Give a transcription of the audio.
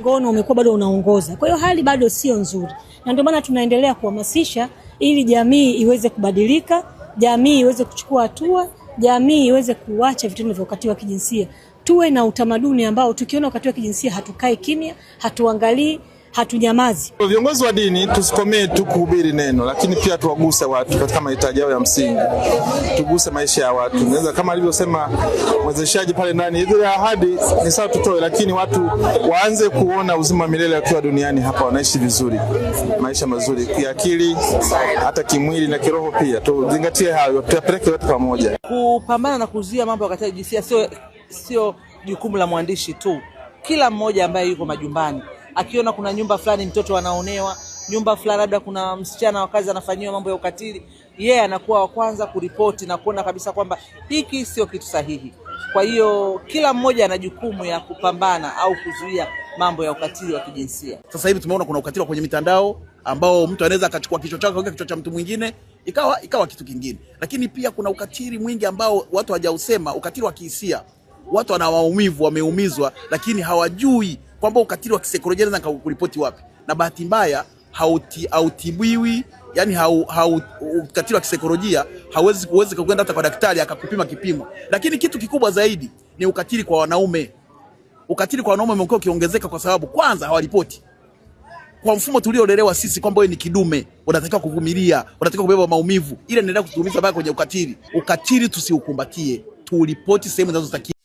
ngono umekuwa bado unaongoza. Kwa hiyo hali bado sio nzuri, na ndio maana tunaendelea kuhamasisha ili jamii iweze kubadilika, jamii iweze kuchukua hatua, jamii iweze kuacha vitendo vya ukatili wa kijinsia. Tuwe na utamaduni ambao tukiona ukatili wa kijinsia hatukai kimya, hatuangalii hatunyamazi. Viongozi wa dini tusikomee tu kuhubiri neno, lakini pia tuwaguse watu katika mahitaji yao ya msingi, tuguse maisha ya watu. Naweza kama alivyosema mwezeshaji pale ndani, zile ahadi ni sawa tutoe, lakini watu waanze kuona uzima wa milele wakiwa duniani hapa, wanaishi vizuri, maisha mazuri kiakili, hata kimwili na kiroho pia. Tuzingatie hayo, tuyapeleke watu pamoja. Kupambana na kuzuia mambo ya ukatili sio sio jukumu la mwandishi tu, kila mmoja ambaye yuko majumbani akiona kuna nyumba fulani mtoto anaonewa, nyumba fulani labda kuna msichana wa kazi anafanyiwa mambo ya ukatili, yeye yeah, anakuwa wa kwanza kuripoti na kuona kabisa kwamba hiki sio kitu sahihi. Kwa hiyo kila mmoja ana jukumu ya kupambana au kuzuia mambo ya ukatili wa kijinsia. Sasa hivi tumeona kuna ukatili wa kwenye mitandao ambao mtu anaweza akachukua kichwa chake kwa kichwa cha mtu mwingine ikawa ikawa kitu kingine, lakini pia kuna ukatili mwingi ambao watu hawajausema, ukatili wa kihisia. Watu wana maumivu, wameumizwa, lakini hawajui kwamba ukatili wa kisaikolojia naweza nikakuripoti wapi? Na bahati mbaya hauti, hautibiwi yani hau, hau, ukatili wa kisaikolojia hauwezi uwezi kwenda hata kwa daktari akakupima kipimo. Lakini kitu kikubwa zaidi ni ukatili kwa wanaume. Ukatili kwa wanaume umekuwa ukiongezeka kwa sababu kwanza hawaripoti kwa mfumo tuliolelewa sisi kwamba wewe ni kidume, unatakiwa kuvumilia, unatakiwa kubeba maumivu. Ile inaendelea kutuumiza baya kwenye ukatili. Ukatili tusiukumbatie, tuuripoti sehemu zinazotakiwa.